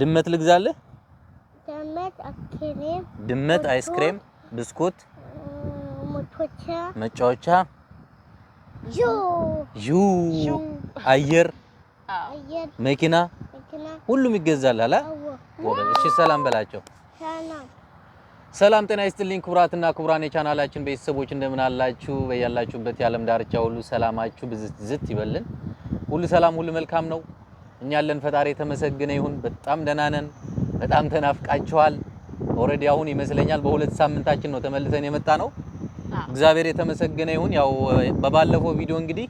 ድመት ልግዛልህ? ድመት አይስክሬም፣ ብስኩት፣ መጫወቻ፣ ዩ አየር፣ መኪና፣ ሁሉም ይገዛል አላ። እሺ ሰላም በላቸው። ሰላም ጤና ይስጥልኝ ክቡራትና ክቡራን የቻናላችን ቤተሰቦች እንደምን አላችሁ? በያላችሁበት የዓለም ዳርቻ ሁሉ ሰላማችሁ ብዝት ዝት ይበልን። ሁሉ ሰላም፣ ሁሉ መልካም ነው። እኛ ያለን ፈጣሪ የተመሰገነ ይሁን። በጣም ደህና ነን። በጣም ተናፍቃችኋል። ኦልሬዲ አሁን ይመስለኛል በሁለት ሳምንታችን ነው ተመልሰን የመጣ ነው። እግዚአብሔር የተመሰገነ ይሁን። ያው በባለፈው ቪዲዮ እንግዲህ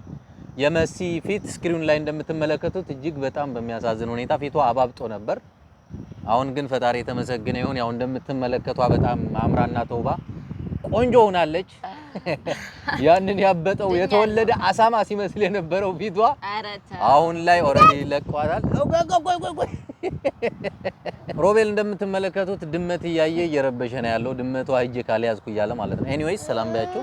የመሲ ፊት ስክሪን ላይ እንደምትመለከቱት እጅግ በጣም በሚያሳዝን ሁኔታ ፊቷ አባብጦ ነበር። አሁን ግን ፈጣሪ የተመሰገነ ይሁን። ያው እንደምትመለከቷ በጣም አምራና ተውባ ቆንጆ ሆናለች። ያንን ያበጠው የተወለደ አሳማ ሲመስል የነበረው ፊቷ አሁን ላይ ኦልሬዲ ይለቋታል። ሮቤል እንደምትመለከቱት ድመት እያየ እየረበሸ ነው ያለው። ድመቷ ሂጅ ካልያዝኩ እያለ ማለት ነው። ኤኒዌይስ ሰላም ባያችሁ።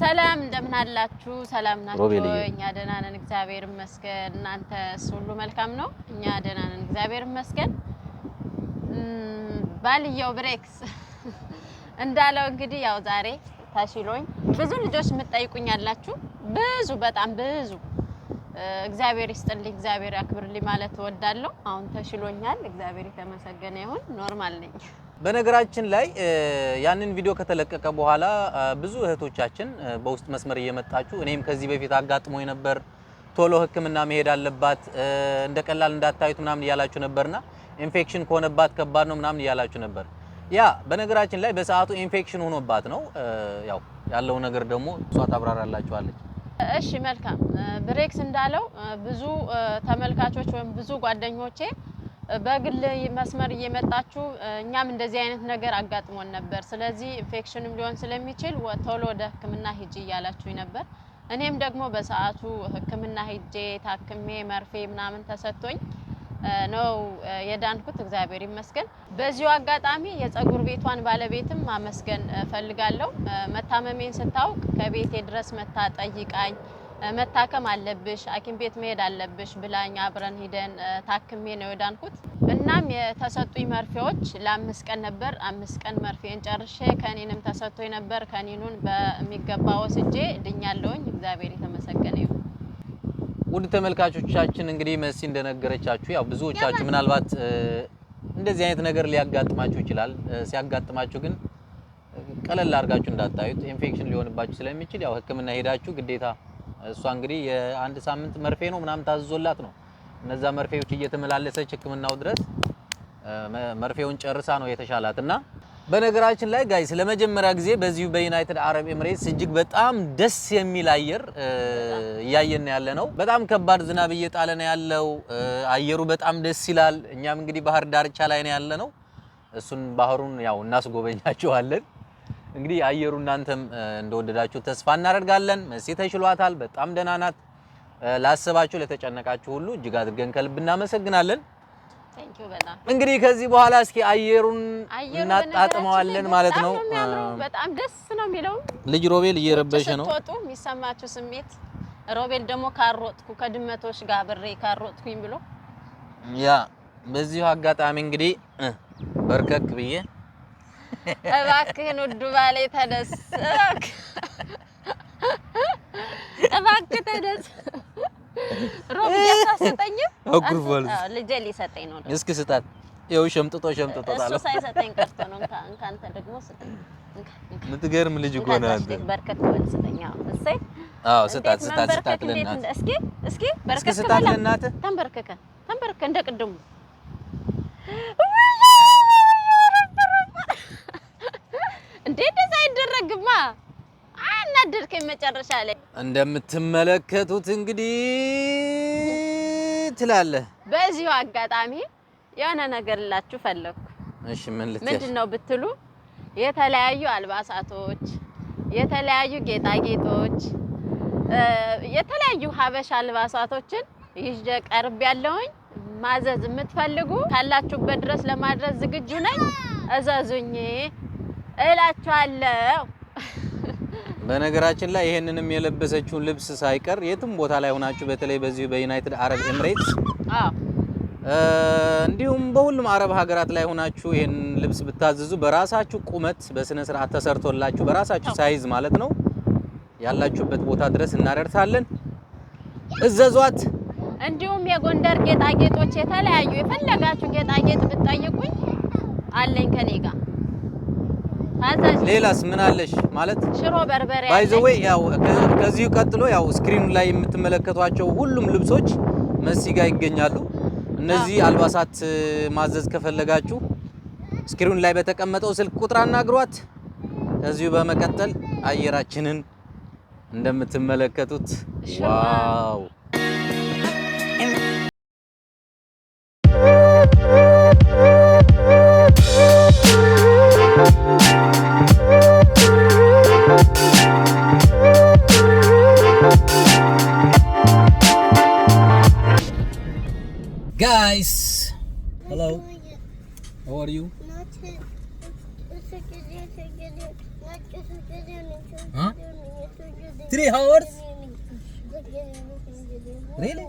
ሰላም እንደምን አላችሁ? ሰላም ናችሁ? እኛ ደህና ነን እግዚአብሔር ይመስገን። እናንተስ ሁሉ መልካም ነው? እኛ ደህና ነን እግዚአብሔር ይመስገን። ባልየው ብሬክስ እንዳለው እንግዲህ ያው ዛሬ ታሽሎኝ ብዙ ልጆች የምጠይቁኝ ያላችሁ ብዙ በጣም ብዙ እግዚአብሔር ይስጥልኝ እግዚአብሔር ያክብርልኝ ማለት እወዳለሁ። አሁን ተሽሎኛል። እግዚአብሔር የተመሰገነ ይሁን። ኖርማል ነኝ። በነገራችን ላይ ያንን ቪዲዮ ከተለቀቀ በኋላ ብዙ እህቶቻችን በውስጥ መስመር እየመጣችሁ እኔም ከዚህ በፊት አጋጥሞ ነበር ቶሎ ሕክምና መሄድ አለባት እንደ ቀላል እንዳታዩት ምናምን እያላችሁ ነበርና ኢንፌክሽን ከሆነባት ከባድ ነው ምናምን እያላችሁ ነበር። ያ በነገራችን ላይ በሰዓቱ ኢንፌክሽን ሆኖባት ነው። ያው ያለው ነገር ደግሞ እሷ ታብራራላችኋለች። እሺ መልካም ብሬክስ እንዳለው ብዙ ተመልካቾች ወይም ብዙ ጓደኞቼ በግል መስመር እየመጣችሁ እኛም እንደዚህ አይነት ነገር አጋጥሞን ነበር፣ ስለዚህ ኢንፌክሽንም ሊሆን ስለሚችል ቶሎ ወደ ሕክምና ሂጂ እያላችሁኝ ነበር። እኔም ደግሞ በሰዓቱ ሕክምና ሂጄ ታክሜ መርፌ ምናምን ተሰጥቶኝ ነው የዳንኩት። እግዚአብሔር ይመስገን። በዚሁ አጋጣሚ የጸጉር ቤቷን ባለቤትም ማመስገን ፈልጋለሁ። መታመሜን ስታውቅ ከቤቴ ድረስ መታ ጠይቃኝ፣ መታከም አለብሽ ሐኪም ቤት መሄድ አለብሽ ብላኝ አብረን ሂደን ታክሜ ነው የዳንኩት። እናም የተሰጡኝ መርፌዎች ለአምስት ቀን ነበር። አምስት ቀን መርፌን ጨርሼ ከኒንም ተሰጥቶኝ ነበር። ከኒኑን በሚገባ ወስጄ ድኛለውኝ። እግዚአብሔር የተመሰገነ ይሁን። ውድ ተመልካቾቻችን እንግዲህ መሲ እንደነገረቻችሁ ያው ብዙዎቻችሁ ምናልባት እንደዚህ አይነት ነገር ሊያጋጥማችሁ ይችላል። ሲያጋጥማችሁ ግን ቀለል አድርጋችሁ እንዳታዩት ኢንፌክሽን ሊሆንባችሁ ስለሚችል ያው ሕክምና ሄዳችሁ ግዴታ እሷ እንግዲህ የአንድ ሳምንት መርፌ ነው ምናምን ታዝዞላት ነው እነዛ መርፌዎች እየተመላለሰች ሕክምናው ድረስ መርፌውን ጨርሳ ነው የተሻላት እና በነገራችን ላይ ጋይስ ለመጀመሪያ ጊዜ በዚሁ በዩናይትድ አረብ ኤምሬትስ እጅግ በጣም ደስ የሚል አየር እያየን ያለ ነው። በጣም ከባድ ዝናብ እየጣለ ነው ያለው። አየሩ በጣም ደስ ይላል። እኛም እንግዲህ ባህር ዳርቻ ላይ ነው ያለ ነው። እሱን ባህሩን ያው እናስጎበኛቸዋለን። እንግዲህ አየሩ እናንተም እንደወደዳችሁ ተስፋ እናደርጋለን። መሲ ተችሏታል። በጣም ደህና ናት። ላሰባችሁ ለተጨነቃችሁ ሁሉ እጅግ አድርገን ከልብ እናመሰግናለን። እንግዲህ ከዚህ በኋላ እስኪ አየሩን እናጣጥመዋለን ማለት ነው። በጣም ደስ ነው የሚለው። ልጅ ሮቤል እየረበሸ ነው። ስትወጡ የሚሰማችሁ ስሜት ሮቤል ደግሞ ካሮጥኩ ከድመቶች ጋር ብሬ ካሮጥኩኝ ብሎ ያ በዚሁ አጋጣሚ እንግዲህ በርከክ ብዬ እባክህን ውዱ ባሌ ተነስ፣ እባክህ ተነስ ልጄ ሊሰጠኝ ነው። እስኪ ስጣት። ይኸው ሸምጥጦ ሸምጥጦ እሱ ሳይሰጠኝ ቀርቶ ነው። እንካንተ ደግሞ የምትገርም ልጅ እኮ ነው አንተ። በርከት በል ስጠኝ። አዎ፣ ስጣት፣ ስጣት፣ ስጣት ለእናትህ። እስኪ እስኪ በርከት ስጣት ለእናትህ። ተንበርከከ ተንበርከከ እንደ ቅድሙ እንዴ! እንደዛ አይደረግማ አናደድከኝ መጨረሻ ላይ። እንደምትመለከቱት እንግዲህ ትላለህ። በዚሁ አጋጣሚ የሆነ ነገር ላችሁ ፈለግኩ። እሺ ምን ልትይ? ምንድን ነው ብትሉ የተለያዩ አልባሳቶች፣ የተለያዩ ጌጣጌጦች፣ የተለያዩ ሀበሻ አልባሳቶችን ይዤ ቀርብ ያለውኝ ማዘዝ የምትፈልጉ ካላችሁበት ድረስ ለማድረስ ዝግጁ ነኝ። እዘዙኝ እላችኋለሁ። በነገራችን ላይ ይሄንንም የለበሰችውን ልብስ ሳይቀር የትም ቦታ ላይ ሆናችሁ በተለይ በዚሁ በዩናይትድ አረብ ኤምሬትስ እንዲሁም በሁሉም አረብ ሀገራት ላይ ሆናችሁ ይሄን ልብስ ብታዘዙ በራሳችሁ ቁመት በስነ ስርዓት ተሰርቶላችሁ በራሳችሁ ሳይዝ ማለት ነው ያላችሁበት ቦታ ድረስ እናደርሳለን። እዘዟት። እንዲሁም የጎንደር ጌጣጌጦች የተለያዩ የፈለጋችሁ ጌጣጌጥ ብትጠይቁኝ አለኝ ከኔ ጋር ሌላስ ምን አለሽ? ማለት ሽሮ በርበሬ ባይ ዘ ወይ ያው ከዚሁ ቀጥሎ ያው ስክሪኑ ላይ የምትመለከቷቸው ሁሉም ልብሶች መሲ ጋር ይገኛሉ። እነዚህ አልባሳት ማዘዝ ከፈለጋችሁ ስክሪኑ ላይ በተቀመጠው ስልክ ቁጥር አናግሯት። ከዚሁ በመቀጠል አየራችንን እንደምትመለከቱት ዋው Guys! Hello. How are you? Huh? Three hours? Really?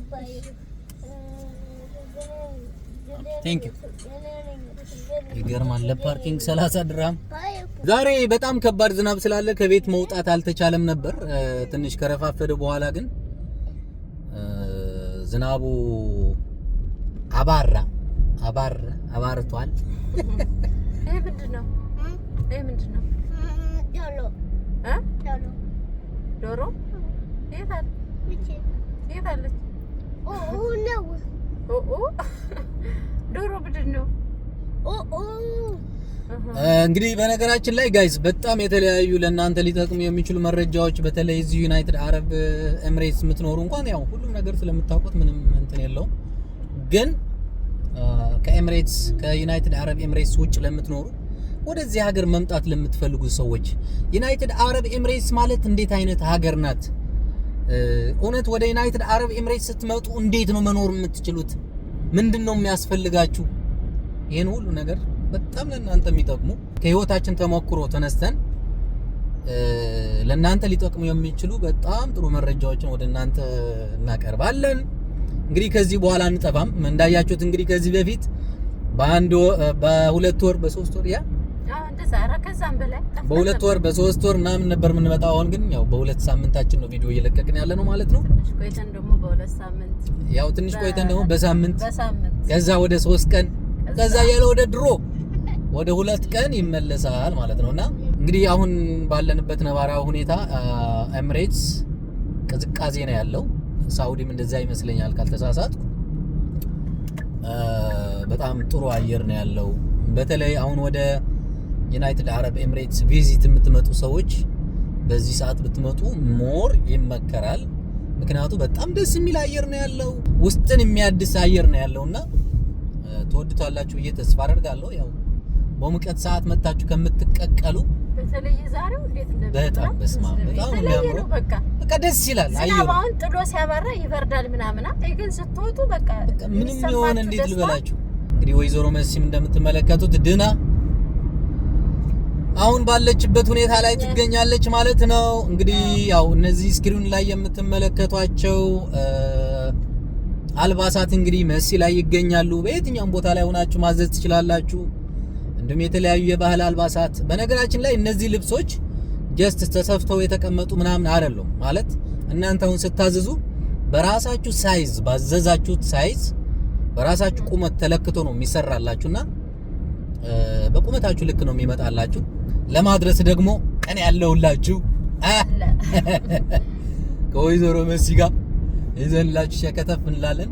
ቴንክ ዩ ይገርማል። ለፓርኪንግ 30 ድራም። ዛሬ በጣም ከባድ ዝናብ ስላለ ከቤት መውጣት አልተቻለም ነበር። ትንሽ ከረፋፈደ በኋላ ግን ዝናቡ አባራ አባር አባርቷል። ይሄ ምንድን ነው? ይሄ ምንድን ነው? ዶሮ ዶሮ የት አለች? ኦ ነው ኦ ዶሮ ምንድን ነው? ኦ ኦ እንግዲህ በነገራችን ላይ ጋይስ በጣም የተለያዩ ለእናንተ ሊጠቅሙ የሚችሉ መረጃዎች በተለይ እዚህ ዩናይትድ አረብ ኤምሬትስ የምትኖሩ እንኳን ያው ሁሉም ነገር ስለምታውቁት ምንም እንትን የለውም ግን ከኤምሬትስ ከዩናይትድ አረብ ኤምሬትስ ውጭ ለምትኖሩ ወደዚህ ሀገር መምጣት ለምትፈልጉ ሰዎች ዩናይትድ አረብ ኤምሬትስ ማለት እንዴት አይነት ሀገር ናት? እውነት ወደ ዩናይትድ አረብ ኤምሬትስ ስትመጡ እንዴት ነው መኖር የምትችሉት? ምንድን ነው የሚያስፈልጋችሁ? ይህን ሁሉ ነገር በጣም ለእናንተ የሚጠቅሙ ከህይወታችን ተሞክሮ ተነስተን ለእናንተ ሊጠቅሙ የሚችሉ በጣም ጥሩ መረጃዎችን ወደ እናንተ እናቀርባለን። እንግዲህ ከዚህ በኋላ አንጠፋም። እንዳያችሁት እንግዲህ ከዚህ በፊት በአንድ በሁለት ወር በሶስት ወር ያ በሁለት ወር በሶስት ወር ምናምን ነበር የምንመጣው። አሁን ግን ያው በሁለት ሳምንታችን ነው ቪዲዮ እየለቀቅን ያለ ነው ማለት ነው። ያው ትንሽ ቆይተን ደግሞ በሳምንት ከዛ ወደ ሶስት ቀን ከዛ ያለ ወደ ድሮ ወደ ሁለት ቀን ይመለሳል ማለት ነውና እንግዲህ አሁን ባለንበት ነባራዊ ሁኔታ ኤምሬትስ ቅዝቃዜ ነው ያለው ሳውዲም እንደዛ ይመስለኛል ካልተሳሳት። በጣም ጥሩ አየር ነው ያለው። በተለይ አሁን ወደ ዩናይትድ አረብ ኤምሬትስ ቪዚት የምትመጡ ሰዎች በዚህ ሰዓት ብትመጡ ሞር ይመከራል። ምክንያቱ በጣም ደስ የሚል አየር ነው ያለው፣ ውስጥን የሚያድስ አየር ነው ያለው እና ትወድቷላችሁ ብዬ ተስፋ አደርጋለሁ ያው በሙቀት ሰዓት መታችሁ ከምትቀቀሉ በተለይ ዛሬው እንዴት እንደሚያምር በጣም በስማ በጣም የሚያምር በቃ ደስ ይላል። አየሩ አሁን ጥሎ ሲያበራ ይበርዳል ምናምን፣ አይ ግን ስትወጡ በቃ ምንም የሆነ እንዴት ልበላችሁ እንግዲህ ወይዘሮ መሲም እንደምትመለከቱት ድና አሁን ባለችበት ሁኔታ ላይ ትገኛለች ማለት ነው። እንግዲህ ያው እነዚህ ስክሪን ላይ የምትመለከቷቸው አልባሳት እንግዲህ መሲ ላይ ይገኛሉ። በየትኛውም ቦታ ላይ ሆናችሁ ማዘዝ ትችላላችሁ። እንዲሁም የተለያዩ የባህል አልባሳት። በነገራችን ላይ እነዚህ ልብሶች ጀስት ተሰፍተው የተቀመጡ ምናምን አይደሉም። ማለት እናንተ አሁን ስታዘዙ በራሳችሁ ሳይዝ ባዘዛችሁት ሳይዝ በራሳችሁ ቁመት ተለክቶ ነው የሚሰራላችሁና በቁመታችሁ ልክ ነው የሚመጣላችሁ። ለማድረስ ደግሞ ቀን ያለውላችሁ ከወይዘሮ መሲ ጋር ይዘንላችሁ ሸከተፍ እንላለን።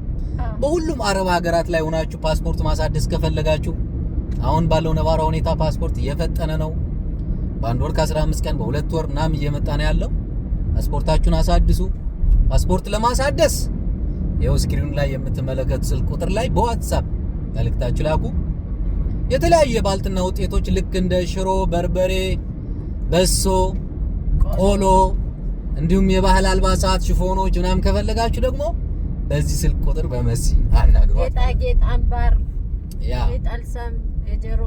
በሁሉም አረብ ሀገራት ላይ ሆናችሁ ፓስፖርት ማሳደስ ከፈለጋችሁ አሁን ባለው ነባራ ሁኔታ ፓስፖርት እየፈጠነ ነው። በአንድ ወር ከ15 ቀን በሁለት ወር ናም እየመጣ ነው ያለው። ፓስፖርታችሁን አሳድሱ። ፓስፖርት ለማሳደስ ይኸው ስክሪኑ ላይ የምትመለከቱ ስልክ ቁጥር ላይ በዋትሳፕ መልእክታችሁ ላኩ። የተለያዩ የባልትና ውጤቶች ልክ እንደ ሽሮ፣ በርበሬ፣ በሶ፣ ቆሎ እንዲሁም የባህል አልባሳት ሽፎኖች ምናምን ከፈለጋችሁ ደግሞ በዚህ ስልክ ቁጥር በመሲ አናግሯት። ጌጣጌጥ፣ አምባር፣ የጠልሰም የጆሮ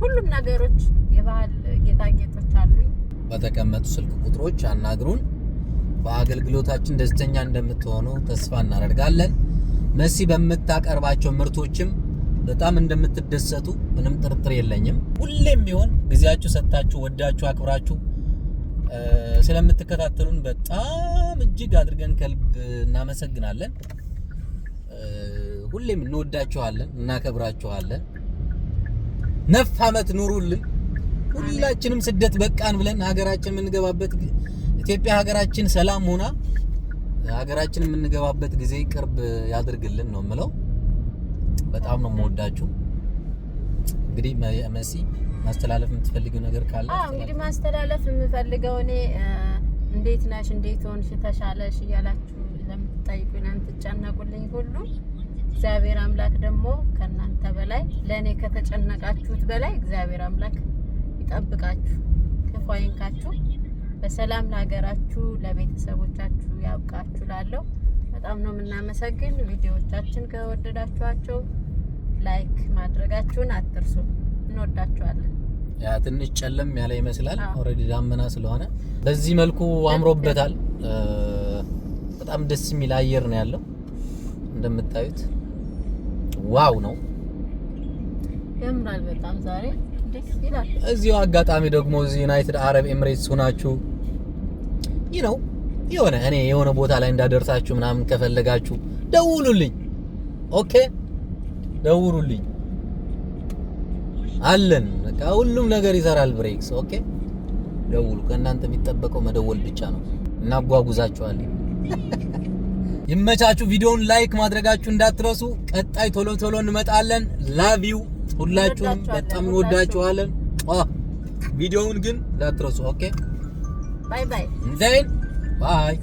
ሁሉም ነገሮች የባህል ጌጣጌጦች አሉኝ። በተቀመጡ ስልክ ቁጥሮች አናግሩን። በአገልግሎታችን ደስተኛ እንደምትሆኑ ተስፋ እናደርጋለን። መሲ በምታቀርባቸው ምርቶችም በጣም እንደምትደሰቱ ምንም ጥርጥር የለኝም። ሁሌም ቢሆን ጊዜያችሁ ሰጥታችሁ ወዳችሁ አክብራችሁ ስለምትከታተሉን በጣም እጅግ አድርገን ከልብ እናመሰግናለን። ሁሌም እንወዳችኋለን፣ እናከብራችኋለን። ነፍ አመት ኑሩልን። ሁላችንም ስደት በቃን ብለን ሀገራችን የምንገባበት ኢትዮጵያ ሀገራችን ሰላም ሆና ሀገራችን የምንገባበት ጊዜ ቅርብ ያድርግልን ነው የምለው። በጣም ነው የምወዳችሁ። እንግዲህ መሲ ማስተላለፍ የምትፈልገው ነገር ካለ? አዎ እንግዲህ ማስተላለፍ የምፈልገው እኔ እንዴት ነሽ፣ እንዴት ሆንሽ፣ ተሻለሽ እያላችሁ ለምትጠይቁኝ፣ ለምትጨነቁልኝ ሁሉ እግዚአብሔር አምላክ ደግሞ ከእናንተ በላይ ለእኔ ከተጨነቃችሁት በላይ እግዚአብሔር አምላክ ይጠብቃችሁ፣ ክፉ አይንካችሁ፣ በሰላም ለሀገራችሁ ለቤተሰቦቻችሁ ያብቃችሁ። ላለው በጣም ነው የምናመሰግን። ቪዲዮዎቻችን ከወደዳችኋቸው ላይክ ማድረጋችሁን አትርሱ። እንወዳችኋለን። ያ ትንሽ ጨለም ያለ ይመስላል። ኦልሬዲ ዳመና ስለሆነ በዚህ መልኩ አምሮበታል። በጣም ደስ የሚል አየር ነው ያለው እንደምታዩት። ዋው ነው ያምራል። በጣም ዛሬ ደስ ይላል። እዚሁ አጋጣሚ ደግሞ እዚህ ዩናይትድ አረብ ኤምሬትስ ሆናችሁ ይህ ነው የሆነ እኔ የሆነ ቦታ ላይ እንዳደርሳችሁ ምናምን ከፈለጋችሁ ደውሉልኝ። ኦኬ ደውሉልኝ አለን። በቃ ሁሉም ነገር ይሰራል። ብሬክስ ኦኬ ደውሉ። ከእናንተ የሚጠበቀው መደወል ብቻ ነው። እናጓጉዛችኋለን። ይመቻቹ። ቪዲዮውን ላይክ ማድረጋችሁ እንዳትረሱ። ቀጣይ ቶሎ ቶሎ እንመጣለን። ላቪው ሁላችሁም በጣም እንወዳችኋለን። ቪዲዮውን ግን እንዳትረሱ። ኦኬ ባይ ባይ ባይ።